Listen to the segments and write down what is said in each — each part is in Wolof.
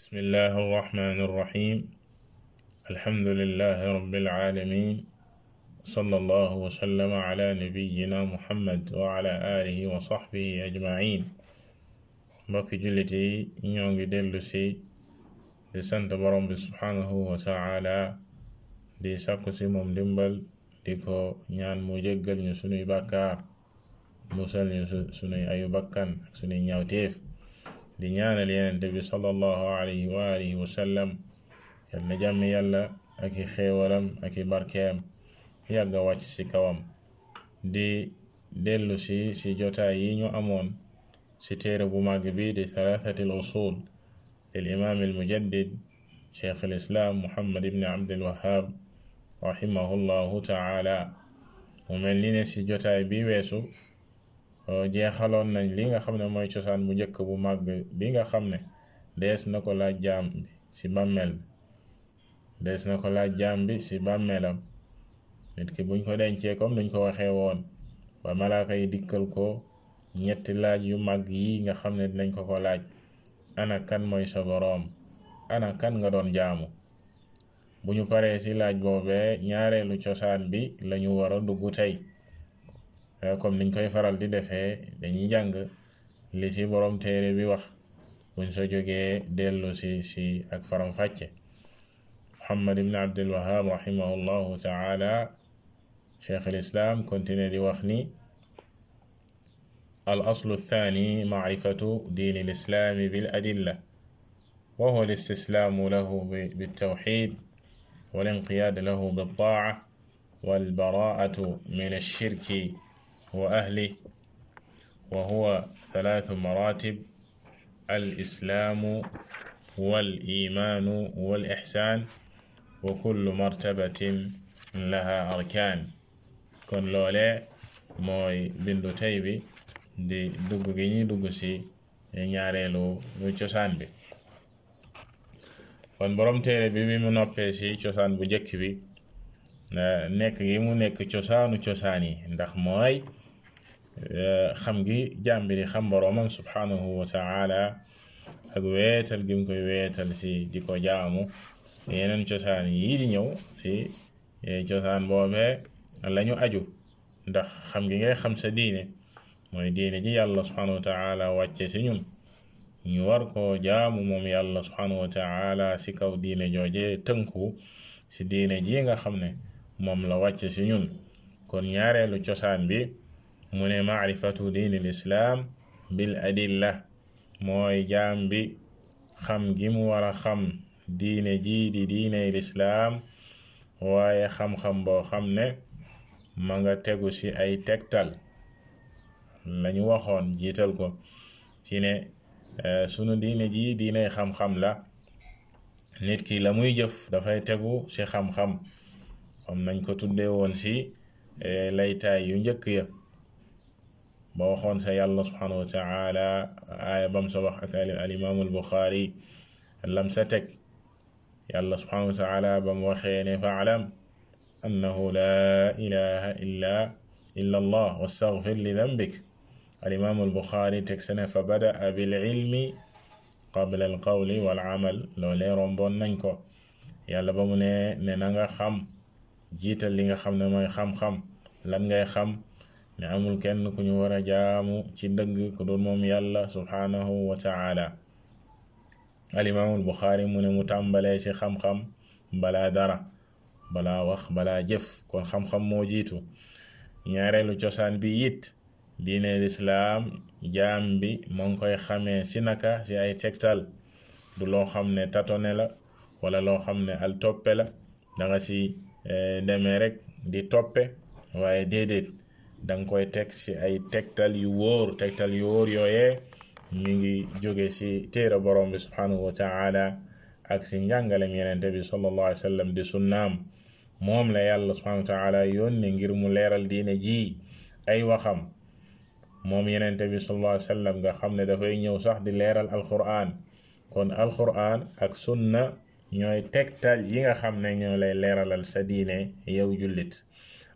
bismillahi arrahmani irrahim alhamdulilahi rabilalamin wasala allahu wasallama ala nabiyina muhammad wa ala alihi wa saxbihi ajmain mbokki jullit yi ñoo ngi dellu si di sant borom bi subhaanahu wa taala di sàkku si moom dimbal di ko ñaan mu jéggal ñu sunuy bàkkaar musal ñu sunuy ayu bakkan ak sunuy ñaawteef di ñaanal Yonent bi sallallahu alayhi wa alihi wa sallam yal na barkeem yàgg a wàcc ci kawam di dellu si jotaay yi ñu amoon si téere bu màgg bi di thalathati al usul lil imaam al mujaddid cheikh islaam mu mel ni ne si jotaay bi weesu Euh, jeexaloon nañ li nga xam ne mooy cosaan bu njëkk bu màgg bi nga xam ne des na ko laaj jaam bi ci bàmmeel bi dees na ko laaj jaam bi ci bàmmeelam nit ki buñ ko dencee comme nuñ ko waxee woon ba malaaka yi dikkal ko ñetti laaj yu màgg yi nga xam ne dinañ ko ko laaj ana kan mooy sa boroom ana kan nga doon jaamu bu ñu paree ci laaj boobee ñaareelu cosaan bi lañu war a dugg tey Euh, comme niñ koy faral di defee dañuy jàng li ci borom téere bi wax buñ soo jógee dellu si si ak faram fàcce muhammad ibn abdul wahab rahimahullahu taala cheikh al islam continue di wax ni al aslu thani macrifatu diini l islaami bil adilla wa huwa al istislaamu lahu bitawxid wal inqiyaad lahu bittaaca wal baraatu min alshirki wa ahli wa huwa thalathu maratib al islaamu wal imaanu wal ixsaan wa kullu martabatin laha arkaan kon loolee mooy bindu tey bi di dugg gi ñuy dugg ci ñaareelu cosaan bi kon borom téere bi bi mu noppee cosaan bu njëkk bi eh, nekk gi mu nekk cosaanu cosaan yi ndax mooy xam gi jaam xam boroomam subhanahu wa taala ak weetal gim koy weetal ci di ko jaamu yeneen cosaan yii di ñëw si e, cosaan boobee lañu aju ndax xam gi ngay xam sa diine mooy diine ji yàlla subhanahu wa taala wàcce ci ñun ñu war ko jaamu moom yàlla subhanahu wa taala ci kaw diine jooje tënku si diine ji nga xam ne moom la wàcce ci ñun kon ñaareelu cosaan bi mu ne maarifatu diinil islaam bil adilla mooy jaam bi xam gi mu war a xam diine jii di diiney lislaam waaye xam-xam boo xam ne ma nga tegu ci ay tegtal lañu waxoon jiital ko ci ne eh, sunu diine jii diiney xam-xam la nit ki la muy jëf dafay tegu ci xam-xam comme nañ ko tuddee woon ci eh, laytaay yu njëkk ya ba waxoon sa yàlla subhanahu wa taala aaya bam sa wax ak al imaamu al buxaari lam sa teg yàlla subhanahu wa taala bam waxee ne faalam annahu laa ilaha illa illa allah wastaghfir li dambik al imaamu al buxaari teg sa ne fa badaa bil ilmi qabla al qawli wal amal loolee romboon nañ ko yàlla ba mu ne ne na nga xam jiital li nga xam ne mooy xam-xam lan ngay xam amul kenn ku ñu war a jaamu ci dëgg ku moom yàlla subhaanahu wa taala alimaamul buxaari mu ne mu tàmbalee ci xam-xam dara balaa wax balaa jëf kon xam moo jiitu ñaareelu cosaan bi it diine lislaam jaam bi moo ngi koy xamee ci naka ci ay tegtal du loo xam ne tatone la wala loo xam ne al toppe la da ci eh, demee rek di toppe waaye déedéet danga koy teg ci ay tegtal yu wóor tegtal yu wóor yooyee mi ngi jóge ci téere borom bi subhanahu wa taala ak ci njàngalem yenente bi sallallahu di sunnaam moom la yàlla subhanahu wa ngir mu leeral diine ji ay waxam moom yenente bi sallallahu alayhi nga xam ne dafay ñëw sax di leeral alquran kon alquran ak sunna ñooy tegtal yi nga xam ne ñoo lay leeralal sa diine yow jullit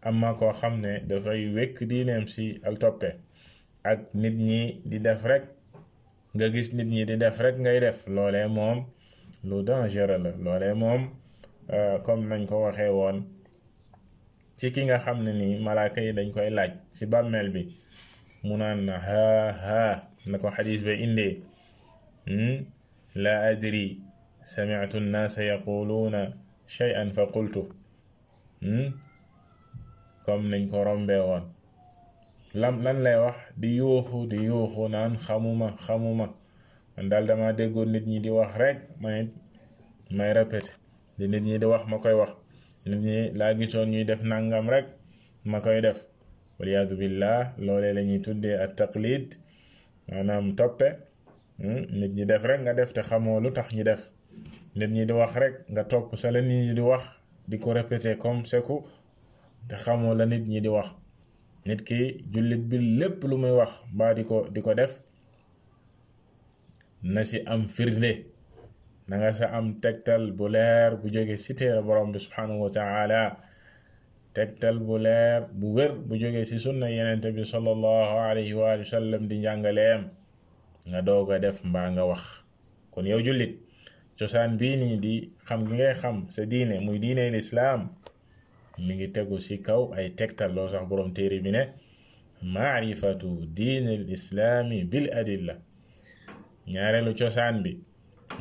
amma koo xam ne dafay wekk diineem si al toppe ak nit ñi di def rek nga gis nit ñi di def rek ngay def loole moom lu dangereux la loole moom euh, comme nañ ko waxee woon ci ki nga xam ne nii malaaka yi dañ koy laaj ci bàmmeel bi mu naan na haa haa na ko xadis ba indee hmm? la adri sami'tu an-naasa yaquluuna shay'an fa qultu hmm? comme nañ ko rombee woon lam lan lay wax di yuuxu di yuuxu naan xamuma xamuma man daal dama déggoon nit ñi di wax rek may may di nit ñi di wax ma koy wax nit ñi laa gisoon ñuy def nangam rek ma koy def waliyaadu billah loolee la ñuy tuddee ak taqlid maanaam toppe hmm? nit ñi def rek nga def te xamoo lu tax ñi def nit ñi di wax rek nga topp sa la ñi di wax di ko répété comme seku te xamoo la nit ñi di wax nit ki jullit bi lépp lu muy wax mbaa di ko di ko def na si am firnde na sa am tegtal bu leer bu jóge si borom bi subhanahu wa tegtal bu leer bu bu jóge si sunna yenent bi sallallahu alayhi wa sallam di njàngaleem nga doog a def mbaa nga wax kon yow jullit cosaan bii nii di xam gi ngay xam sa diine muy diine lislaam mi ngi tegu ci kaw ay tegtal loo sax borom téere bi ne maarifatu diinil islaami bil adilla ñaareelu cosaan bi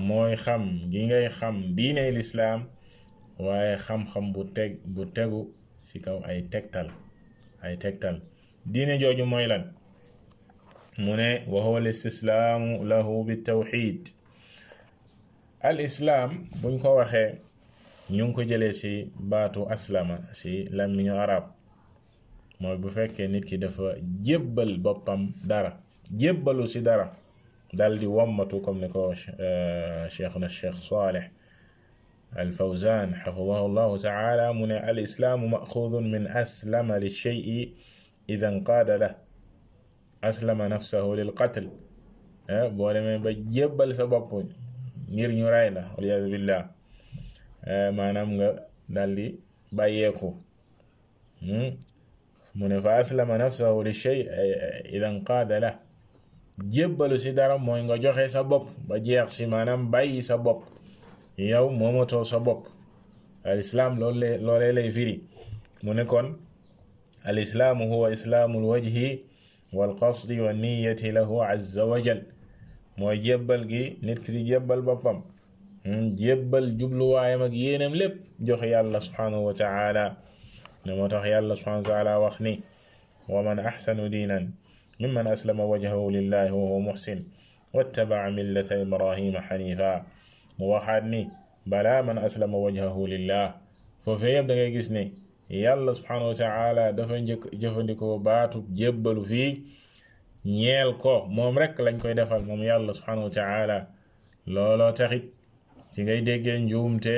mooy xam gi ngay xam diine lislaam waaye xam-xam bu teg bu tegu ci kaw ay tegtal ay tegtal diine jooju mooy lan mu ne wa huwa al istislaamu lahu bi tawxiid al buñ ko waxee ñu ngi ko jëlee ci baatu aslam ci làmmiñu arab mooy bu fekkee nit ki dafa jébbal boppam dara jébbalu ci dara dal di wommatu comme ni ko euh, cheikhuna cheikh saleh alfawzan xafidahu llahu taala mu ne al islaamu min aslama li cheyi ida nqaada la aslama nafsahu lil qatl eh, boo demee ba jébbal sa bopp ñu ray la waliyadu billah Eh, maanaam nga daldi bàyyeeku hmm? mu ne fa aslama nafsahu li shay idan qaada la jébbalu si dara mooy nga joxe sa bopp ba jeex si maanaam bàyyi sa bopp yow moomatoo sa bopp al islaam loolu lay firi mu ne kon al islaamu huwa islaamul wajhi wal qasdi wa niyati lahu azza wa mooy jébbal gi nit ki di jébbal boppam Hmm, jébbal jubluwaayam ak yéenam lépp jox yàlla subhanahu wa taala ne moo tax yàlla subhanahu wa taala wax ni wa man axsanu diinan mimman aslama wajhahu lillahi wa huwa muxsin wattabaa millata ibrahima xanifa mu waxaat ni balaa man aslama wajhahu lillah foofee yëpp da ngay gis ne yàlla subhanahu wa dafa njëkk jëfandikoo baatu jébbalu fii ñeel ko moom rek lañ koy defal moom yàlla subhanahu wa taala looloo taxit ci ngay déggee njuumte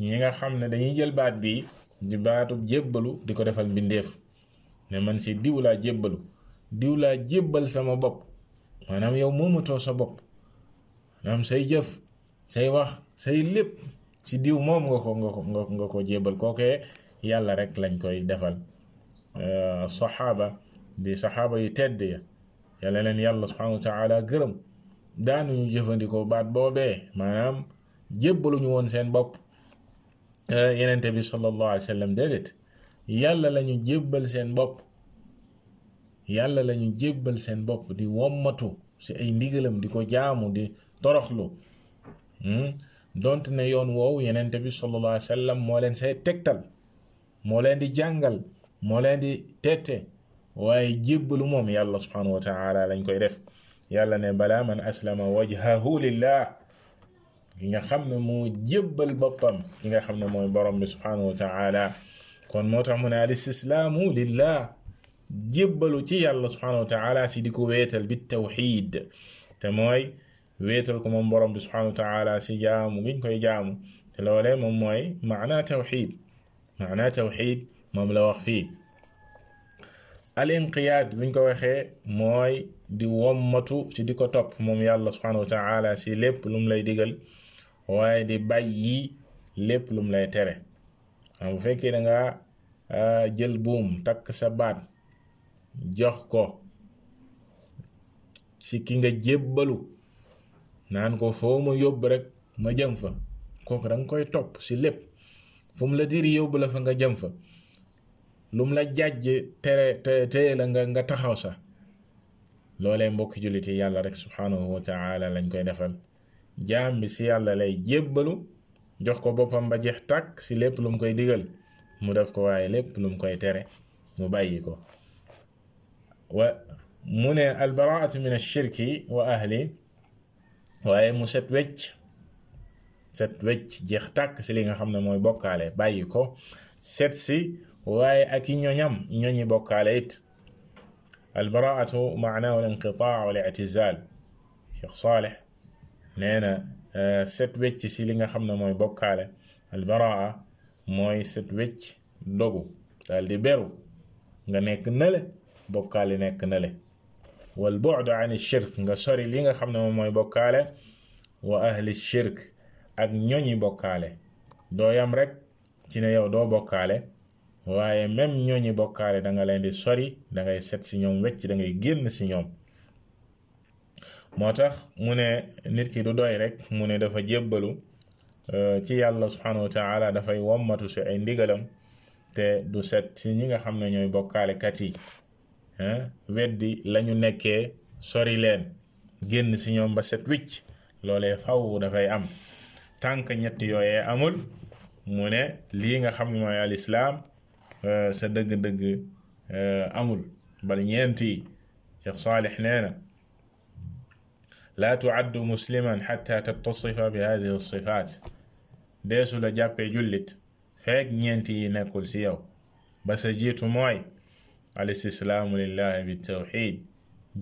ñi nga xam ne dañuy jël baat bi di baatub jébbalu di ko defal mbindeef ne man si diw laa jébbalu diw laa jébbal sama bopp maanaam yow moomatoo sa bopp maanaam say jëf say wax say lépp ci diw moom nga ko nga ko nga ko jébbal kookee yàlla rek lañ koy defal euh, saxaaba di saxaaba yu tedd ya yàlla leen yàlla subhanahu wa gërëm daanuñu jëfandikoo baat boobee maanaam jébbaluñu woon seen bopp eh, yenente bi sallallahu alayhi wa sallam yàlla lañu jébbal seen bopp yàlla lañu jébbal seen bopp di wommatu ci ay ndigalam di ko jaamu di toroxlu hmm? donte na yoon woowu yenent bi sallallahu alayhi moo leen say tegtal moo leen di jàngal moo leen di tette waaye jébbalu moom yàlla subhanahu lañ koy def yàlla ne balaa man aslama wajhahu lillah ki nga xam ne moo jébbal boppam ki nga xam ne mooy borom bi subhanahu wa taala kon moo tax mu ne al istislaamu lillah jébbalu ci yàlla subhanahu wa taala si di ko wéetal bi tawxid te mooy wéetal ko moom borom bi subhanahu wa taala si jaamu giñ koy jaamu te loolee moom mooy maana tawxid maana tawxid moom la wax fii al inqiyaad buñ ko waxee mooy di wommatu ci di ko topp moom yàlla subhanahu wa taala si lépp lu mu lay digal waaye di bàyyi lépp lum lay tere am bu fekkee da ah, jël buum takk sa baat jox ko si ki nga jébbalu naan ko foo ma yóbbu rekk ma jëm fa kooku da koy topp si lépp fu mu la diri yóbbu la fa nga jëm fa lu mu la jàjj tere te téye la nga taxaw sa loolee mbokki jullit yi yàlla rek subhanahu wa lañ koy defal jaam bi si yàlla lay jébbalu jox ko boppam ba jeex tàkk si lépp lu mu koy digal mu def ko waaye lépp lu mu koy tere mu bàyyi ko wa mu ne albaraatu min ashirki wa ahli waaye mu set wecc set wecc jeex tàkk si li nga xam ne mooy bokkaale bàyyi ko set si waaye ak i ñoñam ñoñi bokkaale it albaraatu maanaahu al inqitaa wal ictizaal Cheikh Saalih nee na euh, set wecc si li nga xam ne mooy bokkaale albaraa mooy set wecc dogu daal di beru nga nekk nale bokkaale nekk nale wal bu'du an shirk nga sori li nga xam ne moom mooy bokkaale wa ahli shirk ak ñoñi bokkaale doo yam rek ci ne yow doo bokkaale waaye même ñooñi bokkaale da nga leen di sori da ngay set si ñoom wecc da ngay génn si ñoom moo tax mu ne nit ki du doy rek mu ne dafa jébbalu euh, ci yàlla subhanahu wa dafay wommatu si ay ndigalam te du set ci ñi nga xam ne ñooy bokkaalekat yi weddi lañu nekkee sori leen génn si ñoom ba set wicc loolee faw dafay am tànk ñett yooyee amul mu ne lii nga xam ne mooy al islaam euh, sa dëgg-dëgg euh, amul bal ñeenti yi Cheikh Saalih nee na laa tu'addu musliman xatta tattasifa bi hadihi sifaat deesu la jàppee jullit feek ñeenti yi nekkul ci yow ba sa jiitu mooy al istislaamu bi tawxid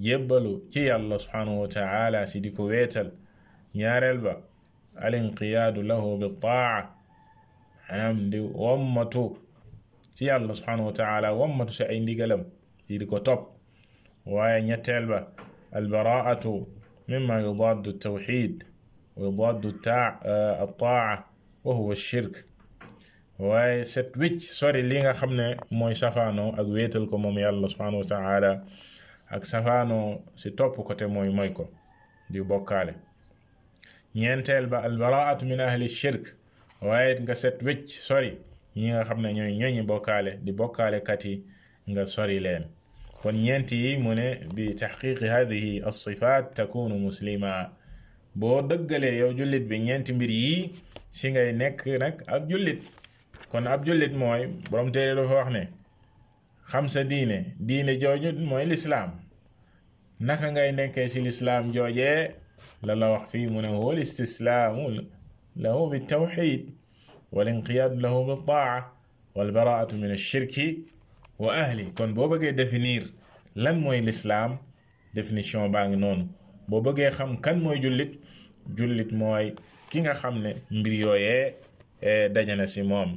jébbalu ci yàlla subhaanahu wa taala si di ko weetal ñaareel ba al inqiyaadu lahu bi taaca anam di wommatu ci yàlla subhaanahu wa taala wommatu si ay ndigalam si di ko topp waaye ñetteel ba albaraatu مما يضاد التوحيد ويضاد التاع الطاعة وهو الشرك waaye set wicc sori li nga xam ne mooy safaanoo ak wéetal ko moom yàlla subhanahu wa ak safaanoo si topp côté mooy mooy ko di bokkaale ñeenteel ba albaraatu min ahli shirk waaye nga set wicc sori ñi nga xam ne ñooy ñooñi bokkaale di bokkaalekat yi nga sori leen kon ñeenti yi mu bi taxqiqi hadihi alsifaat takunu muslima boo dëggalee yow jullit bi ñeenti mbir yii si ngay nekk nag ab jullit kon ab jullit mooy borom téere dafa wax ne xam sa diine diine jooju mooy lislaam naka ngay nekkee si lislaam joojee la la wax fii mu ne huwa listislaamu lahu bi tawxid wal inqiyaadu lahu bi taa wal baraatu min alshirki wa ahli kon boo bëggee définir lan mooy lislaam définition baa ngi noonu boo bëggee xam kan mooy jullit jullit mooy ki nga xam ne mbir yooyee eh, daje na ci moom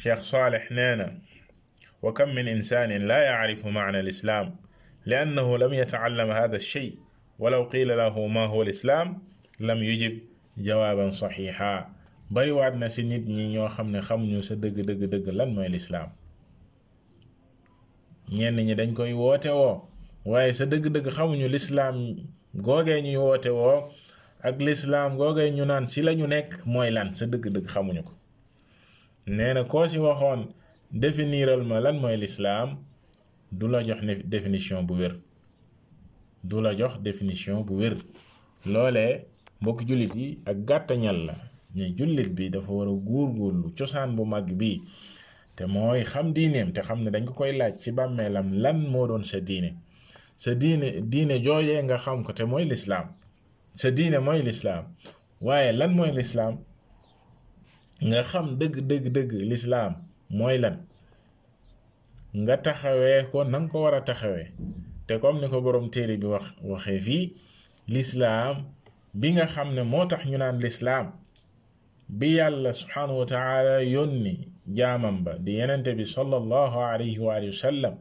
cheikh saaleh nee na wa kam min insanin laa yacrifu macna alislaam liannahu lam yetacallam hada alshey walaw qiila lahu ma huwa alislaam lam yujib jawaaban saxiixa bariwaat na si nit ñi ñoo xam ne xamuñu sa dëgg dëgg dëgg lan mooy lislaam ñenn ñi dañ koy woote woo waaye sa dëgg dëgg xamuñu lislaam googee ñuy woote woo ak lislaam googee ñu naan ci lañu nekk mooy lan sa dëgg dëgg xamuñu ko nee na koo ci waxoon définiral ma lan mooy lislaam du la jox définition bu wér du la jox définition bu wér loolee mbokk jullit yi ak gàttañal la ne jullit bi dafa war a góorgóorlu cosaan bu mag bi te mooy xam diineem te xam ne dañ ko koy laaj si bàmmeelam lan moo doon sa diine sa diine diine joojee nga xam ko te mooy lislaam sa diine mooy lislaam waaye lan mooy lislaam nga xam dëgg dëgg dëgg lislaam mooy lan nga taxawee ko nanga ko war a taxawee te comme ni ko borom téere bi wax waxee fii lislaam bi nga xam ne moo tax ñu naan lislaam bi yàlla subhanahu wa taala yónni jaamam ba di yenente bi sallallahu alayhi wa sallam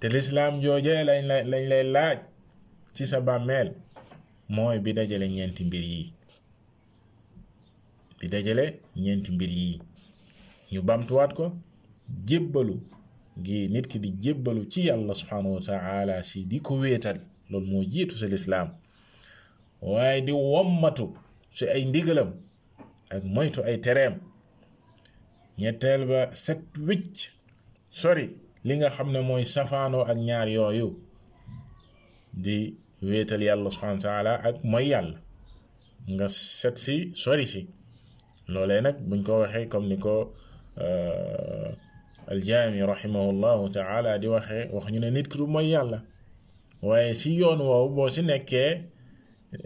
te lislaam joojee lañ lay laaj ci sa bàmmeel mooy bi dajale ñeenti mbir yi dajale ñeenti mbir yi ñu bamtuwaat ko jébbalu gi nit ki di jébbalu ci yàlla subhanahu wa si di ko wéetal loolu moo jiitu sa lislaam waaye di wommatu si ay ndigalam ak moytu ay tereem ñetteel ba set wicc sori li nga xam ne mooy safaanoo ak ñaar yooyu di wéetal yàlla subhanahu wa ak mooy yàlla nga set si sori si loolee nag buñ ko waxee comme ni ko euh, aljaami rahimahullahu taala di waxee wax ñu ne nit ki du mooy yàlla waaye si yoon woowu boo si nekkee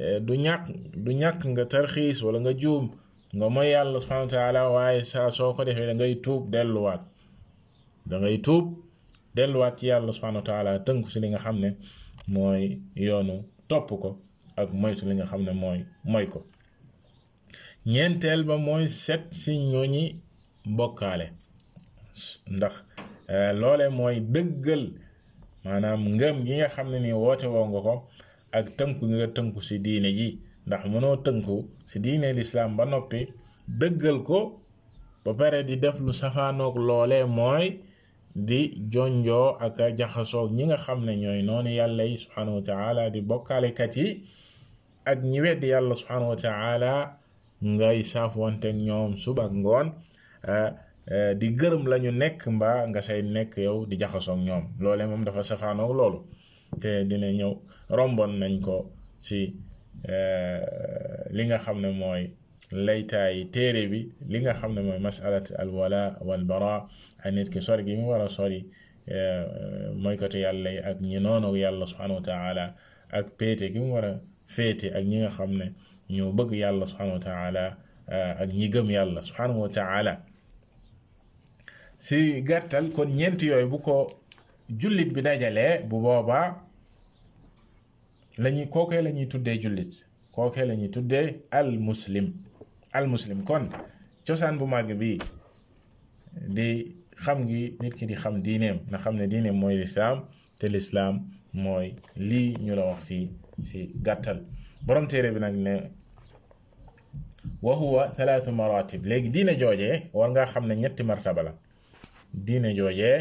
eh, du ñàkk du ñàkk nga tarxiis wala nga juum nga mooy yàlla subhanahu wa waaye saa soo ko defee da ngay tuub delluwaat da tuub delluwaat ci yàlla subhanahu wa taala tënk si li nga xam ne mooy yoonu topp ko ak moytu li nga xam ne mooy mooy ko ñeenteel ba mooy set si ñooñi bokkaale ndax eh, loole mooy dëggal maanaam ngëm gi nga xam ne ni woote woo nga ko ak tënku nga tënku si diine ji ndax mënoo tënku si diine lislaam ba noppi dëggal ko ba pare di def lu safaanoog loole mooy di jonjoo ak jaxasoo ñi nga xam ne ñooy noonu yàlla yi subhanahu wa di bokkaalekat yi ak ñi yàlla subhanahu wa ñoom suba ak ngoon di gërëm lañu nekk mbaa nga say nekk yow di jaxasoog ñoom loole moom dafa safaanoog loolu te dina ñëw romboon nañ ko si Euh, li nga xam ne mooy laytaay téere bi li nga xam ne mooy masalat al wala wal bara nit ki sori gi mu war a sori euh, moykatu yàlla yi ak ñi noonu yàlla subhanahu wa ak péete gi mu war a féete ak ñi nga xam ne ñoo bëgg yàlla subhanahu wa taala euh, ak ñi gëm yàlla subhanahu wa taala si gàttal kon ñeent yooyu bu ko jullit bi dajalee bu boobaa lañuy kookee lañuy tuddee jullit kookee lañuy ñuy tuddee al muslim kon cosaan bu màgg bi di xam gi nit ki di xam diineem na xam ne diineem mooy lislaam te lislaam mooy lii ñu la wax fii ci gàttal borom téere bi nag ne wa huwa maratib léegi diine joojee war nga xam ne ñetti martaba la diine joojee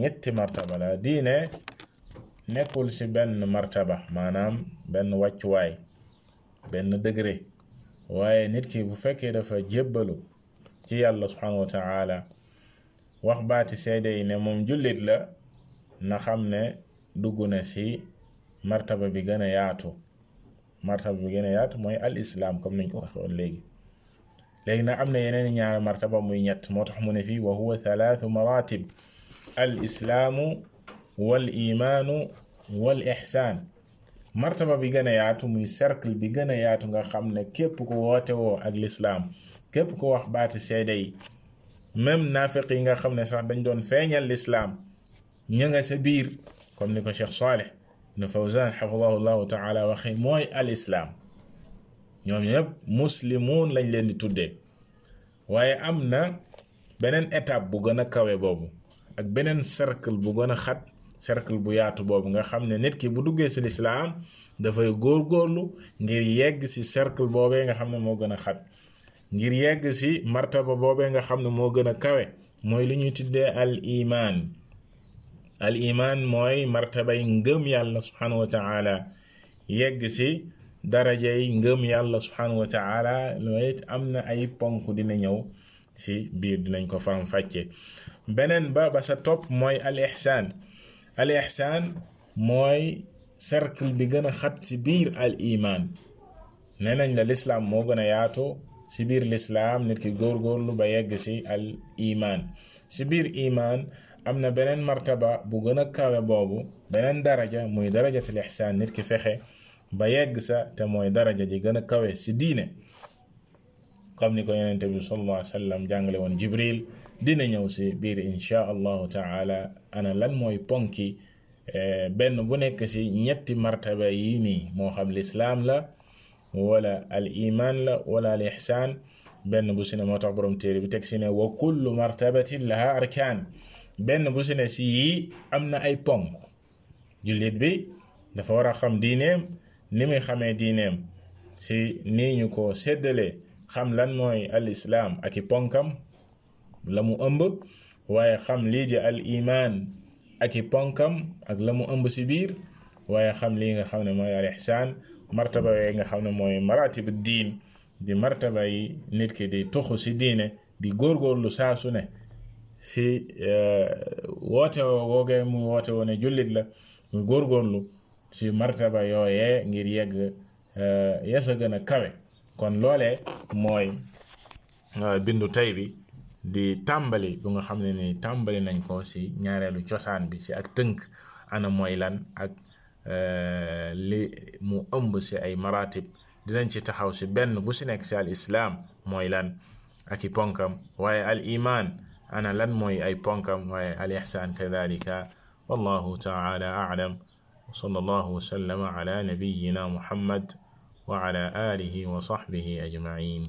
ñetti martaba la diine nekkul ci benn martaba maanaam benn wàccuwaay benn degré waaye nit ki bu fekkee dafa jébbalu ci yàlla subhanahu wa wax baati seede yi ne moom jullit la na xam ne dugg na ci martaba bi gën a yaatu martaba bi gën a yaatu mooy al islam comme nañ ko waxoon léegi léegi nag am na yeneen ñaari martaba muy ñett moo tax mu ne fii wa huwa maratib al wal imaanu wal ihsaan martaba bi gën a yaatu bi gën a yaatu nga xam ne képp ak lislaam képp ku wax baati seede yi même naafiq yi nga xam ne sax dañ doon feeñal lislaam ña sa biir comme ni ko Cheikh Saleh ibn Fawzan xafidahu llahu mooy al islaam ñoom ñëpp muslimuun lañ leen di tuddee waaye am na beneen étape bu gën a kawe boobu ak beneen cercle bu gën a xat cercle bu yaatu boobu nga xam ne nit ki bu duggee si lislaam dafay góor góorlu ngir yegg si cercle boobee nga xam ne moo gën a xat ngir yegg si martaba boobee nga xam ne moo gën a kawe mooy li ñuy tuddee al iman al iman mooy martabay ngëm yàlla subhanahu wa yegg si darajay ngëm yàlla subhanahu wa taala looy am na ay ponk dina ñëw si biir dinañ ko faram fàcce beneen ba ba sa topp mooy al al ihsaan mooy cercle bi gën a xat ci biir al iman nee nañ la lislaam moo gën a yaatu ci biir lislaam nit ki góorgóorlu ba yegg ci al iman ci biir imaan am na beneen martaba bu gën a kawe boobu beneen daraja muy darajatul ihsaan nit ki fexe ba yegg sa te mooy daraja ji gën a kawe ci diine comme ni ko yonente bi sallallahu alayhi wa jàngale woon jibril dina ñëw si biir inchaa allahu taala ana lan mooy ponki eh, benn bu nekk si ñetti martaba yii nii moo xam lislaam la wala al la wala al benn bu si ne moo tax borom téere bi teg si ne wa kullu martabatin laha arkaan benn bu si ne si yii am na ay ponk jullit bi dafa war a xam diineem ni muy xamee diineem si nii ñu ko séddalee xam lan mooy al islaam ak i ponkam la mu ëmb waaye xam lii ji al imaan ak i ponkam ak la mu ëmb si biir waaye xam lii nga xam ne mooy al ihsaan martaba yooyu nga xam ne mooy maratibu diin di martaba yi nit ki di toxu si diine di góorgóorlu saa su ne si eh, woote woo googee mu woote woone jullit la mu góorgóorlu si martaba yooyee ngir yegg eh, yasa gën a kawe kon loole mooy euh, bindu tey bi di tàmbali bu nga xam ne ni tàmbali nañ ko si ñaareelu cosaan bi si ak tënk ana mooy lan ak euh, mu ëmb si ay maratib dinañ ci taxaw ci benn bu ci nekk ci al islaam mooy lan ak i ponkam waaye al iman ana lan mooy ay ponkam waaye al ihsaan kadalika wallahu taala aalam wa sallallahu ala nabiyina muhammad wa ala alihi wa sahbihi ajmain